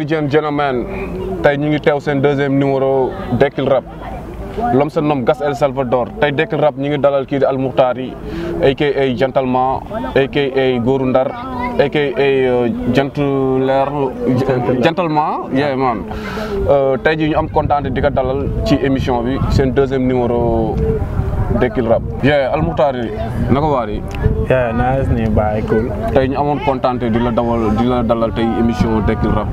ladies and gentlemen tey ñu ngi teew seen deuxième numéro Dekkil rab l'homme se nomme Gas El Salvador tey Dekkil rab ñu ngi dalal kii di Al Mouhtari aka gentleman aka góoru ndar aka euh, gentler gentleman yeah man euh, tey ji ñu am kontaan di ko dalal ci émission bi seen deuxième numéro Dekil Rap ya Al Mouhtari nako wari yeah nice ni baay cool tay ñu amone contenté di la dawal di la dalal tay émission Dekil Rap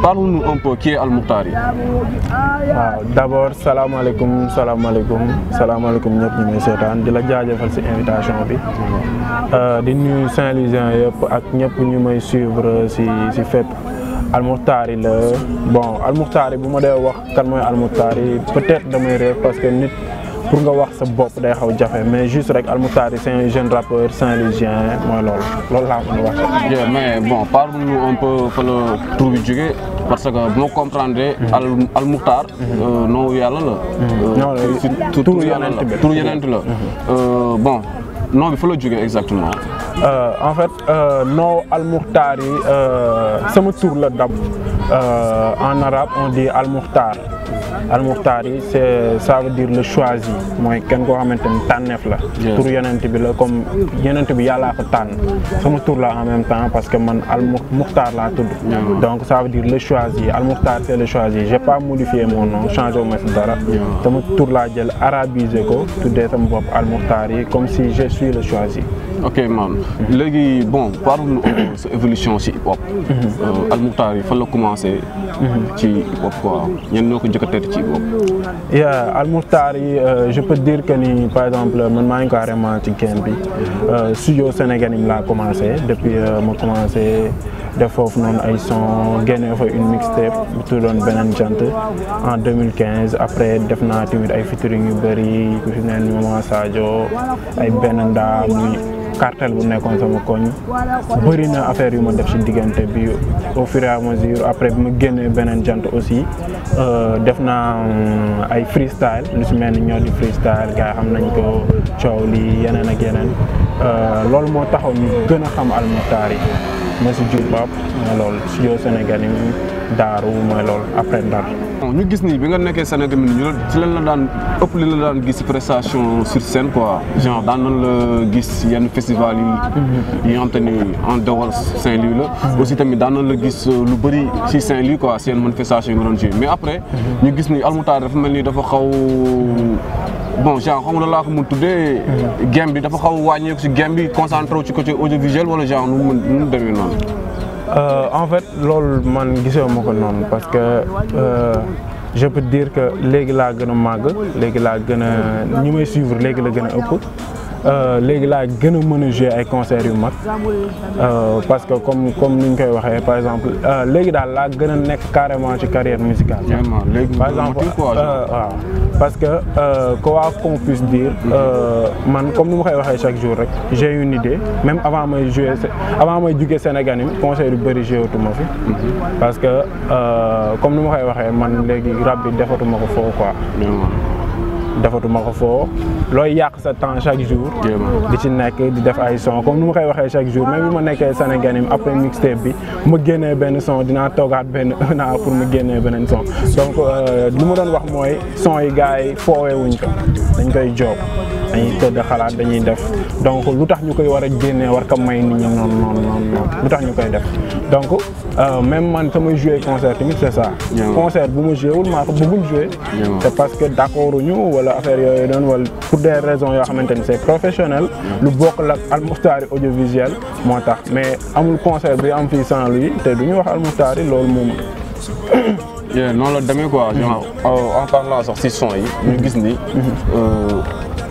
parlons hmm, ya. eh, nous un peu qui est Al Mouhtari waaw ah, d'abord salaamaaleykum salaamaaleykum salaamaaleykum ñëpp ñu ngi seetaan di la jaajëfal ci invitation bi eh, di nuyu Saint-Louisien yépp ak ñepp ñu may suivre si ci fête Al-Mouhtari le bon Al-Mouhtari buma ma wax kan moy Al-Mouhtari peut-être damay rêve parce que nit pour nga wax sa bopp day xaw jafé mais juste rek Almoutari c'est un jeune rappeur saint un moi loolu loolu la wax. mais bon parle-nous un peu fa le tur bi parce que pour comprendre. al Almoutar. Euh, non yàlla la. Euh, non euh, la turu tout tout turu yeneen la mhm. bon. non il faut le juger exactement. en fait nom Almoutar c'est sama tour la dab en arabe on dit Al Almoutar. Al-Muhtari, c'est ça veut dire le choisi Moi, kenn ko xamante tanef la tur yonent bi la comme yonent bi yàllaa ko tànn sama tour la en même temps parce que man muhtar la tudd donc ça veut dire le choisi muhtar c'est le choisi j'ai pas modifié mon nom changé mon nom dara sama tour laa jël arabisé ko tuddee sama bop Al-Muhtari, comme si je suis le choisi ok maam Légui, bon parlons de cette évolution si al hop mm-hmm. euh, almuxtaar yi commencer. Tu commencé mm-hmm. ci hip hop quoi ñen ñoo ko Tigo. Yeah, Al Moustari, euh, je peux dire que ni, par exemple, je suis carrément je Euh, studio Sénégal, il l'ai commencé depuis que euh, commencé. def foofu noonu ay son une mixtape bu tuddoon beneen jant en 2015 après def naa tamit ay featuring yu bëri ku fi neen Maman Sadio ay benn cartel bu nekkoon sama koñ bëri na affaire yu ma def si diggante bi au fur et à mesure après bi ma génnee beneen jant aussi euh, def naa mm, ay freestyle lu si mel ni ñoo di freestyle gars yi xam nañ ko coow li yeneen ak yeneen euh, loolu moo taxaw ñu gën xam almuxtaar yi mais Diop Pape mooy loolu sénégalais Sénégal yi daaru mooy loolu après Ndar. ñu gis ni bi nga nekkee sénégalais ñu ci lan la daan ëpp li la daan gis prestation sur scène quoi genre daan nañ gis yenn festival yi. Mhm. yi nga xam en dehors Saint-Louis la. Mhm. aussi tamit daan nañ le gis euh, lu bari ci Saint-Louis quoi seen manifestation yi nga doon joué mais après. ñu gis ni Almoutar dafa melni dafa xaw. bon genre xam nga laa ko mun tuddee. game bi dafa xaw a wàññeeku si game bi concentré wu ci côté audiovisuel wala genre nu mu nu mu demee noonu. Euh, en fait loolu man gisee ma ko noonu parce que euh, je peut dire que léegi laa gën a màgg léegi laa gën a ñi may suivre léegi la gën a ëpp. Euh, léegi laa gën a mën jouer ay concert yu mag euh, parce que comme comme ni ñu koy par exemple euh, daal laa gën a nekk carrément ci carrière musicale. par exemple euh, waaw parce que euh, quoi qu'on puisse dire euh, man comme ni ma koy chaque jour rek j'ai une idée même avant may jouer avant may jugee Sénégal yi concert yu bëri joué tuma fi mhm. parce que euh, comme ni ma koy waxee man léegi rap bi defatuma ko foofu quoi. defatuma ko foo looy yàq sa temps chaque jour. di ci nekk di def ay son comme nu ma koy waxee chaque jour même bi ma nekkee Sénégal après mixtape bi ma génnee benn son dinaa toogaat benn un pour mu génnee beneen son donc euh, li mu doon wax mooy son yi gars yi foowee wuñ ko dañ koy joob dañuy tëdd xalaat dañuy def donc lu tax ñu koy war a génnee war ko may nit ñi noonu noonu lu tax ñu koy def donc. Euh, même man sama joué concert tamit c' ça. concert bu ma joué wul maa ko bëggul joué. parce que d' accord ñu wala affaire yooyu wala pour des raisons yoo xamante ni professionnel. lu bokk la ak audiovisuel moo tax mais amul concert bi am fii sans lui te du ñu wax almustaari loolu moom. Non la demee quoi. en parlant sax si son yi. ñu gis ni. Mhm. Euh,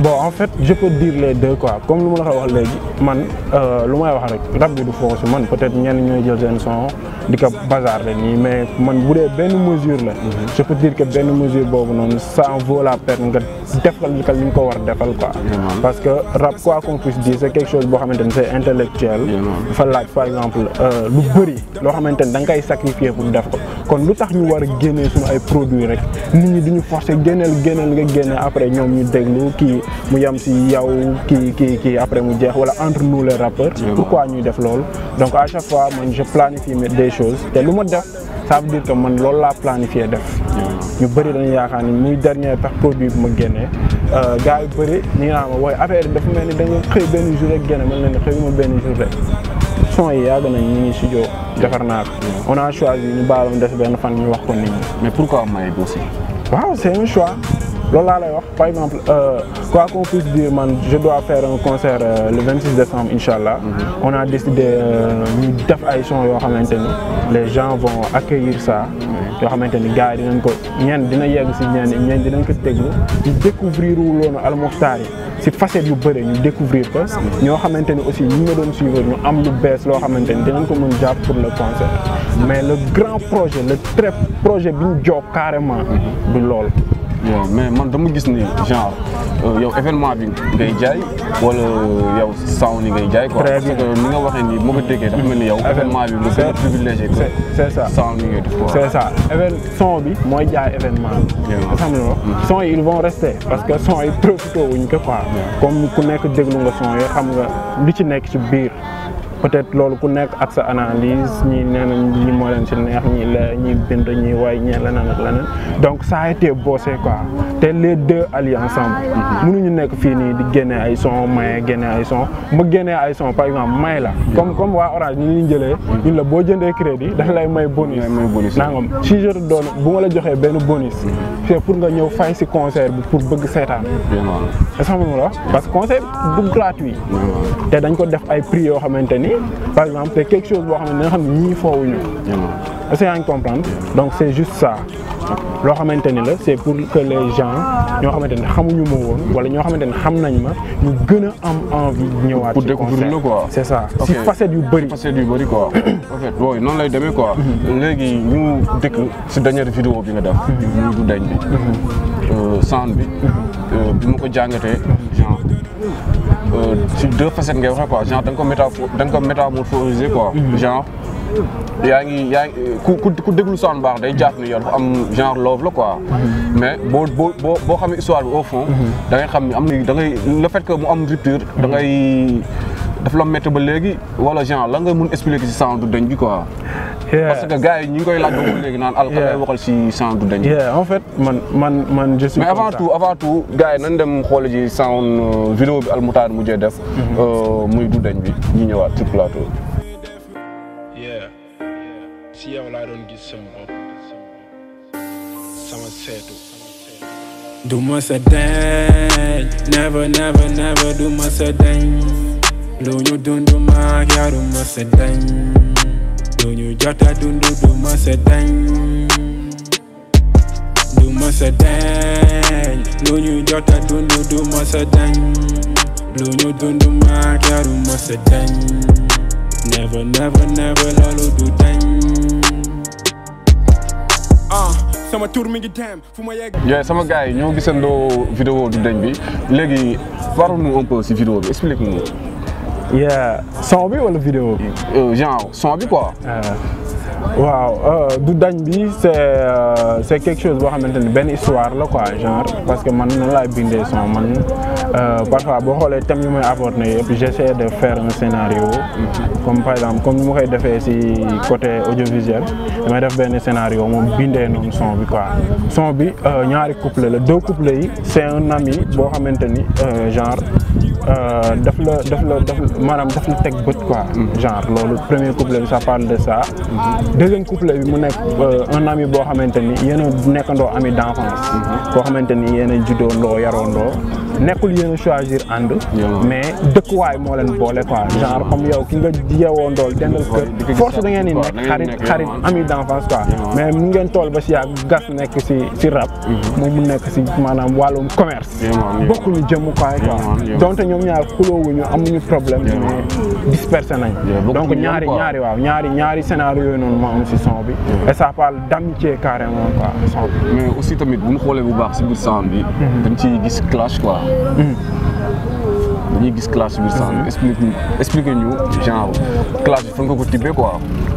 bon en fait je peux dire les deux quoi comme le ma la wax man euh, le may wax rek rab bi du foofu si man peut-être ni un jël seen son di ko bazar la ni mais man bu bien benn mesure là. Mhm. je peux dire que benn mesure bon non ça en vaut la peine que defal li ñu ko war defal quoi. parce que rap quoi qu'on puisse dire c'est quelque chose bon à ni c'est intellectuel. dafa laaj par exemple euh, lu bëri loo xamante ni da nga sacrifier pour def ko kon lu tax ñu war a génnee ay produits rek nit ñi duñu forcer génneel génneel nga génne après ñoom ñu déglu kii mu yam si yow ki ki ki après mu jeex wala entre nous les rappeurs pourquoi ñuy def lool donc à chaque fois man je planifie des choses té lu ma def ça veut dire que man lool la planifié def ñu bëri dañu yaakaani ni muy dernier tax produit bi ma euh gars yu bëri ñu ngi naan ma waaye affaire dafa melni dañu xey nga benn jour rek génne mel na xey xëyuma benn jour rek son yi yàgg nañ ñu ngi studio defar naa on a choisi ñu baaloon def benn fan ñu wax ko nit ñi mais pourquoi maye aussi waaw c'est un choix loolu laa lay wax par exemple euh, quoi qu'on puisse dire man je dois faire un concert euh, le 26 décembre inshallah. Mhm. on a décidé euh, ñu def ay sons yoo xamante les gens vont accueillir ça. yoo xamante ni gars yi dinañ ko ñenn dina yegg si ñenn ñenn dinañ ko teglu ñu découvrir wu loonu almuxtaar yi si facette yu bëre ñu découvrir ko mhm. ñoo xamante aussi ñi nga doon suivre ñu am lu bees loo xamante ni dinañ ko mën jàpp pour le concert mhm. mais le grand projet le très projet bi ñu jox carrément du lool mais man dama gis ni genre euh, yow événement bi ngay wala que nga événement bi lu ça sound ngay quoi. c'est ça événement mm. ils vont rester parce que son ils trop wuñ comme ku nekk déglu nga son xam nga peut-être loolu ku nek ak sa analyse ñi nena ñi mo len ci neex ñi la ñi bind ñi way la nan ak lan donc ça a été bossé quoi té les deux alliés ensemble mm-hmm. ñu nek fi ni di gëné ay son may gëné ay son mu gëné ay son par exemple may la comme comme wa orange ñi ñu jëlé mm-hmm. ñu la bo jëndé crédit da lay may bonus nangam si je te donne bu ma la joxé benn bonus mm-hmm. c'est pour nga ñëw fay ci concert bi pour bëgg seetaan est-ce que mënu la parce que concert du gratuit té dañ ko def ay prix yo xamanteni par exemple c'est quelque chose boo que donc c'est juste ça c'est pour que les gens ñoo xamante ne xamuñu ma woon wala ne xam nañ envie pour découvrir quoi c'est ça C'est facette yu du facette yu du quoi en fait non lay quoi nous, dernière vidéo bi nga ñu mm-hmm. du dañ mm-hmm. euh, euh, deux facettes ngay guerre quoi genre comme quoi. Mhm. genre genre love quoi. Mhm. mais histoire au fond. Mhm. le fait que mu am rupture. da daf la ba genre expliquer ci quoi. parce que man man man je mais avant tout avant tout gars lu ñu jota dund du mësa dañ du never never never du dañ ah, sama tur mi ngi fu ma yegg. yooyu sama gars yi ñoo gisandoo vidéo du dañ bi léegi parle-nous un si vidéo bi explique-nous. Yeah. son ou vidéo euh, genre sans vie quoi. Euh, wow, euh, du quelque chose qui est histoire là quoi genre parce que je suis suis pas man parfois je les thèmes de faire un scénario. Mm-hmm. comme par exemple comme je fais ici côté audiovisuel vais faire un scénario moom je suis son bi quoi son bi deux couples c'est un ami genre. Euh, daf la daf la daf maanaam daf la teg bët quoi. genre loolu premier couplet bi ça parle de ça. deuxième couplet bi mu nekk euh, un ami boo xamante ni yéen a nekkandoo ami d'enfance. koo xamante ni yéen a juddoondoo yaroondoo nekul yéen choisir and mais dëkkuwaay moo len bolé quoi genre comme yow ki nga yeewoon dol dendal ke force da ngeen di nekk xarit xarit ami d'enfance quoi mais mu ngeen tol ba si yàgg gas nek ci ci rap moom mu nek ci manam walum commerce bokkuñu jëm quoi quoi donte ñom ñaar xuloowuñu amuñu problème mais dispersé nañ donc ñaari ñaari waaw ñaari ñaari scénario yoy non ma am ci son bi et ça parle d'amitié carrément quoi son mais aussi tamit bu ñu xoolee bu baax ci biir son bi dañ ci gis clash quoi Mm. dañuy gis clash biir sax mhm. explique explique ñu genre clash bi fan nga ko tibbee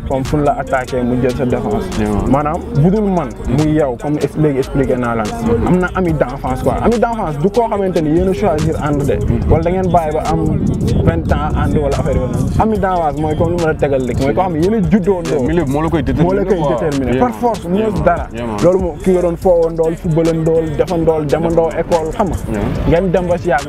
plateforme fu ñu la attaqué mu jël sa défense. maanaam budul man. muy yow comme léegi expliqué naa lan. am na ami d'enfance quoi ami d'enfance du koo xamante ni yéen a choisir ànd de. wala da ngeen ba am vingt ans ànd wala affaire yooyu noonu. ami d'enfance mooy comme lu ma la tegal mooy koo xam ne yéen a moo la koy déterminer par force mu dara. loolu moom ki nga doon foowoon ndool defandool demandoo école xam nga. ngeen dem ba si yàgg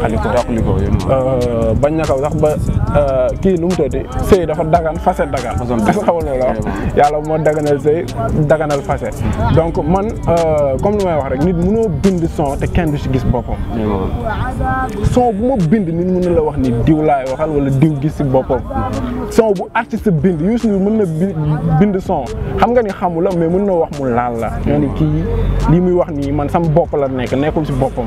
tàqaliko tàqaliko euh, bañ na ko sax ba euh, kii nu mu tuddati sëy dafa dagan fase dagan est-ce que la wax yàlla moo daganal sëy daganal fase donc man euh, comme lu may wax rek nit mënoo bind son te kenn du si gis boppam son bu ma bind nit mën la wax ni diw laay waxal wala diw gis si boppam son bu artiste bind Youssou Ndour mën na bind son xam nga ni xamula la mais mën na wax mu laal la ñoo ni kii lii muy wax nii man sama bopp la nekk nekkul si boppam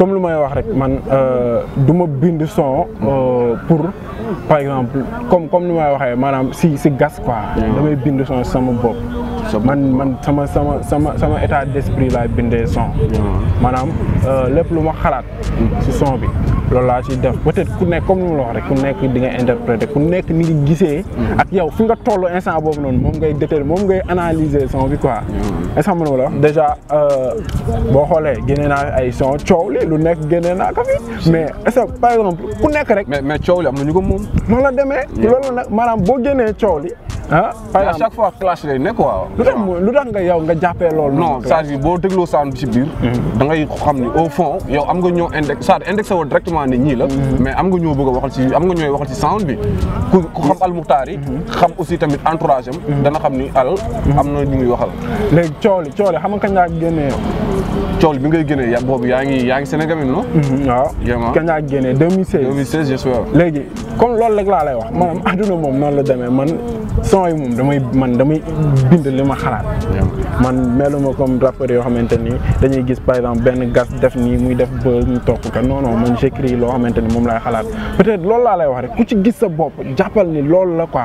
comme lu may wax rek man euh, du ma bind son euh, pour par exemple comme comme lu may waxee maanaam si si gas quoi damay bind son sama bopp man man sama sama sama état d'esprit le son manam euh, ci son bi ci def peut-être ku nek comme nous wax rek ku nek di nga interpréter ku ni nga mm-hmm. ak nga instant ngay ngay analyser son quoi déjà vous euh, ay son lu nek fi mais est par exemple ku nek rek mais mais am ko mom non la démé ah à chaque fois clash lay ne quoi. lu tax nga yow nga jàppee lool non c'est-à-dire boo dégloo sound bi ci biir. Mm-hmm. da xam ni au fond yow am nga ñoo index c'est-à-dire indexé directement ne ñii la. Mm-hmm. mais am nga ñoo bëgg a waxal ci am nga ñooy waxal ci sound bi ku xam Al Moukhtar mm-hmm. xam aussi tamit entourage am. dana xam ni al am na ñu muy waxal. léegi cooli cooli xam nga kañ laa génnee cool bi ngay génnee ya boobu yaa ngi yaa ngi Sénégal mi non. Mhm, waaw vraiment kañ laa génnee 2016. léegi comme loolu rek laa lay wax maanaam adduna moom noonu la demee man son yi moom damay man damay bind li ma xalaat. man meluma comme rappeurs yoo xamante ni dañuy gis par benn gas def nii muy def ba ñu topp ka non non man j'écris loo xamante ni moom laay xalaat peut-être loolu laa lay wax rek ku ci gis sa bopp jàppal ni loolu la quoi.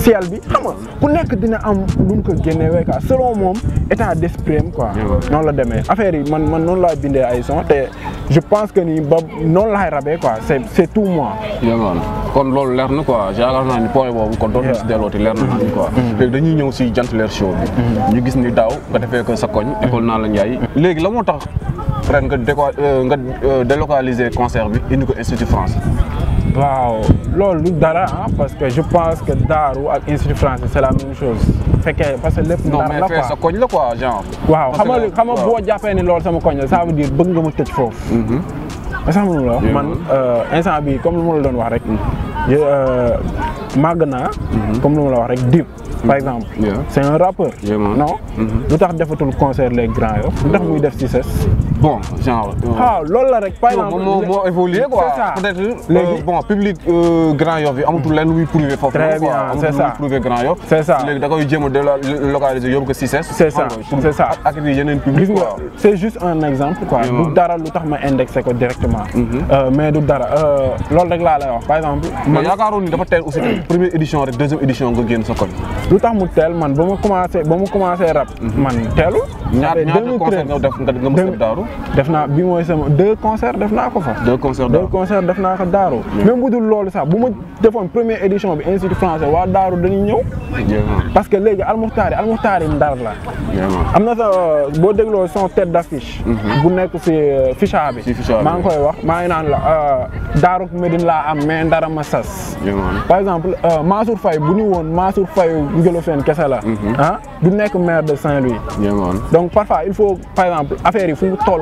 ciel bi xam ku nekk dina am lu mu ko génnewee quoi selon moom état d'esprit am quoi. noonu la demee affaire yi man man noonu laa bindee ay son te je pense que ni ba noonu laay rabee quoi c'est c'est tout moi. kon loolu leer na quoi yaakaar naa ni point boobu kon doon na si dellooti leer na nañu quoi mm-hmm. léegi dañuy ñëw si jant leer show bi mm-hmm. ñu gis ni daaw nga defee ko sa koñ mm-hmm. école naa la Ndiaye léegi la moo tax ren nga déco euh, nga euh, délocaliser concert bi indi ko institut France waaw loolu dara hein? parce que je pense que daaru ak institut français c'est la même chose que parce que lépp ndar la quoi sa koñ la quoi genre waaw xam nga bo nga boo ni loolu sama koñ ça veut dire beug nga ma tëj foofu mhm. nga sax que la wax man euh, instant bi comme lu ma doon wax rek euh magna mhm. comme lu ma wax rek dib par mhm. exemple c' est un rappeur non lu defatul concert les grands yo lu muy def ci ses bon genre. Euh, ah lol la rek. par exemple moom moo évoluer quoi peut-être. Euh, léegi bon public euh, Grand yo bi amatul lenn muy prouvé foofu. très bien c'est ça prouvé Grand yo c'est ça léegi da koy jéem a délocaliser yóbbu ko Cissesse. c'est ça c'est ça ak yenen public. quoi c'est juste un exemple quoi. du dara lutax ma indexer ko directement. Mhm. euh mais du dara euh loolu rek la lay wax par exemple. man yaakaaroon ni dafa tel aussi première édition rek deuxième édition nga génn sa koñ. lutax mu tel man bama commencer bama commencer rap. Mhm. man telu ñaata ñaata concert nga def nga mos a daaru def naa bi moy sama deux concerts def naa ko fa. deux concerts deux concerts def naa ko daro même budul dul sax buma defone defoon première édition bi institut français wa daro dañuy ñew parce que léegi almuxtaari almustari ndar la. amna na sa euh, boo son tête d'affiche. Mhm. bu nekk euh, si ficha bi. maa ngi koy wax maa ngi naan la euh, Daaro Medine la am mais ndara ma sas. par exemple masour fay bu ñu woon Mansour Faye Njolofène kessa la. Mhm. ah du nekk maire de Saint-Louis. donc parfois il faut par exemple affaire yi fu toll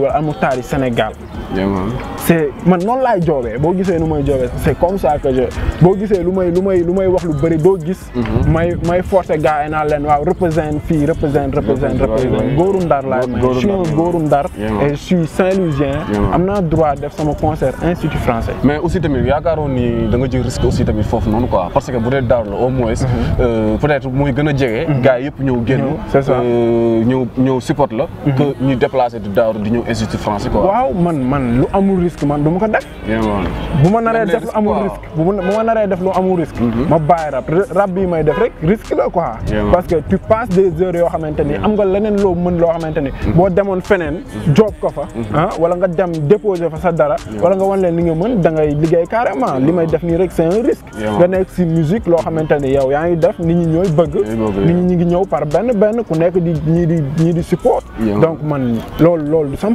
nuyu amu taari Sénégal. C'est est man noonu laay joobee boo gisee lu may joobee comme ça que je boo gisee lu may lu may lu wax lu bëri doo gis. Mm-hmm. may may forcer gars yi naan leen waaw représente fii représente représente représente góoru Ndar laay may. je suis góoru Ndar. et je suis Saint-Louisien. am naa droit def sama concert institut français. mais aussi tamit yaakaaroon ni da nga jël risque aussi tamit foofu non quoi parce que bu dee Ndar au moins. Mm-hmm. Euh, peut être muy gën a jege. Mm-hmm. gars yëpp ñëw génn. c' est ça euh, support la. que ñu déplacé di Ndar di ñëw institut français quoi waaw man man lu amul risque man duma ko def buma naré def lu amul risque buma naré def lu amul risque ma bàyyi rap rap bi may def rek risque la quoi parce que tu passes des heures yo xamanteni am nga leneen lo meun lo xamanteni mm-hmm. bo demone fenen mm-hmm. job ko fa mm-hmm. ah wala nga dem déposer fa sa dara wala nga wan len li nga meun da ngay liggéey carrément limay def ni rek c'est un risque nga nek si musique lo xamanteni yow yaa ngi def nit ñi ñoy bëgg nit ñi ngi ñëw par ben ben ku nek di ñi di ñi di support donc man loolu loolu du sam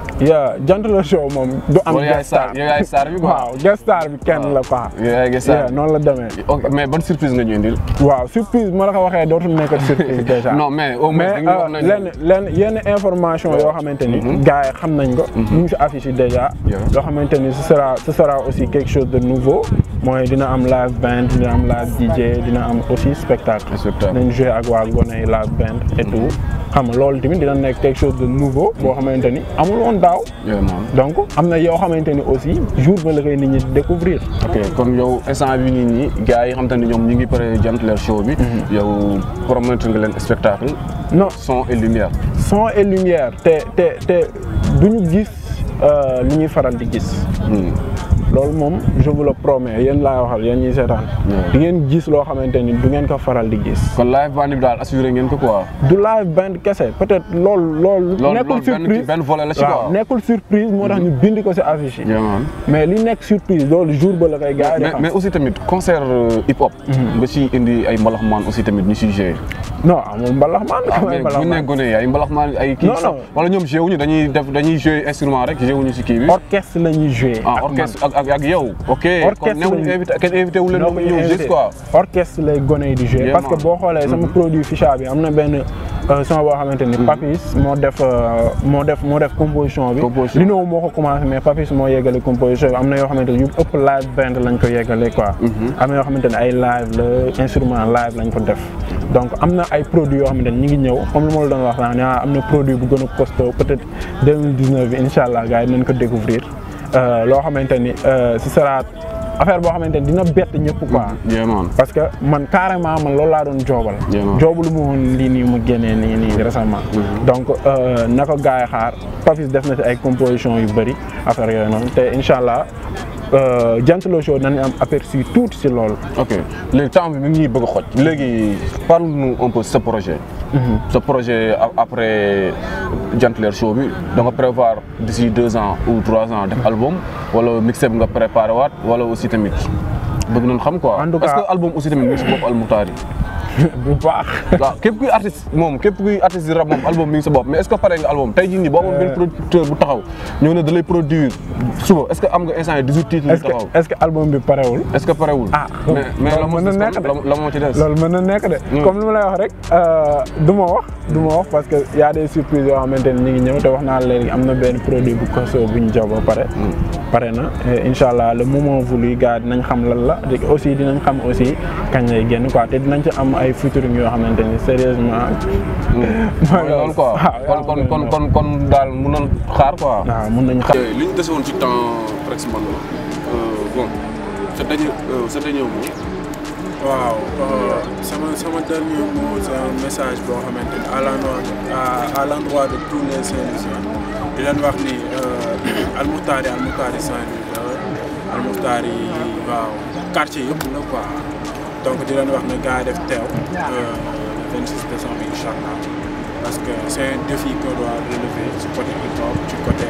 yaa Jantler Show moom. du am guest star bi quoi. waaw bi kenn la quoi. yow yaay noonu la demee. ok mais ban surprise nga ñu indil. waaw surprise ma la ko waxee dootul nekk surprise déjà. non mais au moins dañu euh, lenn lenn information yoo xamante ni. Mhm. gars yi xam nañ ko. ñu mhm. ngi si affiche yi déjà. yoo xamante ni ce sera ce sera aussi quelque chose de nouveau. mooy dina am live band dina am live DJ dina am aussi spectacle. spectacle jouer ak wa gone live band. et tout xam nga loolu tamit dina nek quelque chose de nouveau. bo xamanteni amul woon daw donc amna yo xamanteni aussi jour ba la koy nit ñi découvrir ok kon yow instant bi nit ñi gars yi xam te ne ngi pare jant leur show bi. Mhm. yow promettre nga len spectacle. non son et lumière. son et lumière té té té duñu gis euh, li ñuy faral di gis. Hmm lol mom je vous le promets yéen la waxal yéen ñuy sétane di ngeen gis lo xamante ni du ngeen ko faral di gis. ko live band dal daal assuré ngeen ko quoi. du live band kessé peut être lol lol nekul surprise ben volé la ci quoi nekul surprise mo tax mm-hmm. ñu bind ko ci affiche mais li nek surprise loolu jour ba la koy gars yi mais aussi tamit concert euh, hip hop. Mm-hmm. ba ci indi ay mbalax maan aussi tamit ñu si gérer. non amul mbalax maan. ah mais bu ñu nee ay mbalax maan ay. ki wala ñom joué wuñu dañuy def dañuy jouer instrument rek joué wuñu ci kii bi. orchestre lañuy jouer ah orchestre ak ak yow. ok orchestre lay gone di jouer. parce que boo xoolee sama mm-hmm. produit Ficha bi am na benn euh, son boo xamante ni. Mm-hmm. Papis moo def euh, moo def moo def composition bi. composition bi moo ko commencé mais Papis moo yeggale composition bi am na yoo xamante yu ëpp live band lañ ko yeggale quoi. Mm-hmm. am na ay live la ko def. na ay produits yoo xamante ñu ngi ñëw comme li ma la doon wax sànq ah, am na produit bu gën a costaud peut bi incha allah gars yi nañ ko découvrir Euh, loo xamante ni euh, ce sera affaire boo xamante ni dina bett ñëpp ko mm, parce que man carrément man loolu laa doon joobal. joobalu mu lii nii mu génnee nii nii récemment. Mm-hmm. donc euh, naka ko xaar Papis def na ci ay composition yu bëri affaire yooyu noonu te incha allah Jantlo Show nañu am aperçu tuuti si lool ok léegi temps bi mi ngi bëgg a xoj. léegi parle nous un peu ce projet. ce projet après Gentler Show donc prévoir d'ici deux ans ou trois ans d'album. album wala mixtape aussi est-ce que l'album aussi tamit Bob bu baax waaw képp kuy artiste moom képp kuy artiste di rap moom album mi ngi mais est que pare nga album tey jii nii boo amoon benn producteur bu taxaw ñëw ne da lay produire suba est ce que am nga instant yi 18 titres yu taxaw est album bi parewul est parewul ah mais la moo la moo ci des loolu nekk de hmm. comme li ma lay wax rek euh, du ma wax du que y a des surprises yoo xamante ñu ngi ñëw te wax naa léegi am na benn produit bu koso bu ñu pare hmm. pare na incha allah ay futur ñu xamanteni sérieusement. mooy loolu quoi kon kon kon kon kon dal mun nañ xaar quoi. waaw mun nañ xaar. liñu déssé won ci temps presque euh bon sa dañu sa dañu mot. waaw sama sama dernier mot c'est un message bo xamanteni ni à l'endroit à l'endroit de tous les saint di leen wax ni almuxtaari almuxtaari saint al muhtari waaw quartier yëpp la quoi. donc di leen wax ne gars yi def teew euh 26 décembre incha allah parce que c'est un défi qu'on doit relever du côté hip-hop du côté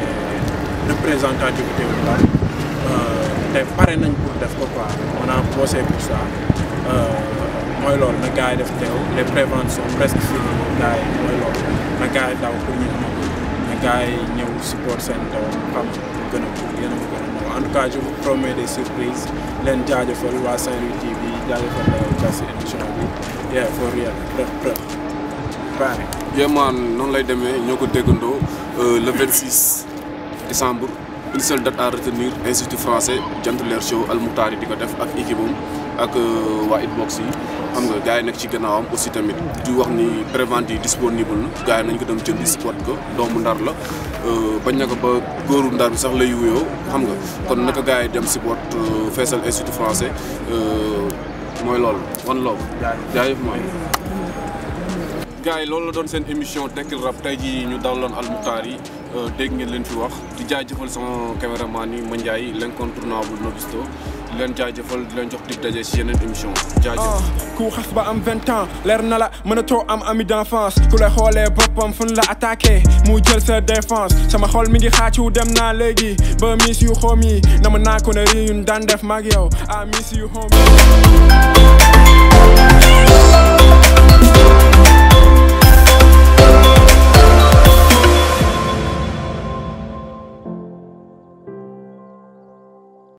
représentativité bu baax euh, te pare nañ pour def ko quoi on a bossé pour ça euh, mooy loolu na gars yi def teew les préventions sont presque finies gars yi mooy loolu na gars yi daw pour ñu am na gars yi ñëw support seen taw xam gën a pour yéen a gën a en tout cas je vous promets des surprises leen jaajëfal waa Saint-Louis TV jaajëfal gas en émission bi for real preuve preuve baane yéemaan noonu lay demee ñoo ko euh, le 26 décembre une seule date à retenir institut français show Al di def ak équipe am ak euh, waa Hitbox yi xam nga gars yi ci aussi tamit di wax ni disponible na nañ ko dem jëndi spot ko doomu ndar la bañ kon naka dem euh, mooy loolu wan loobu jaajëf mooy gars yi loolu la doon seen émission Dekkil Rap tey jii ñu daloon almuxtaar yi euh, dégg ngeen leen fi wax di jaajëfal sama caméraman yi ma Ndiaye l'incontournable Nobisto leen jaajëfal di leen jox dig daje si yeneen émission jaajëf ku xas ba am vingt ans leer na la mën am ami d'enfance ku la xoolee boppam fu la attaqué mu jël sa défense sama xol mi ngi xaacu dem naa léegi ba miss yu xoom yi na ma naa ko ne ri daan def maag yow ah miss yu xoom yi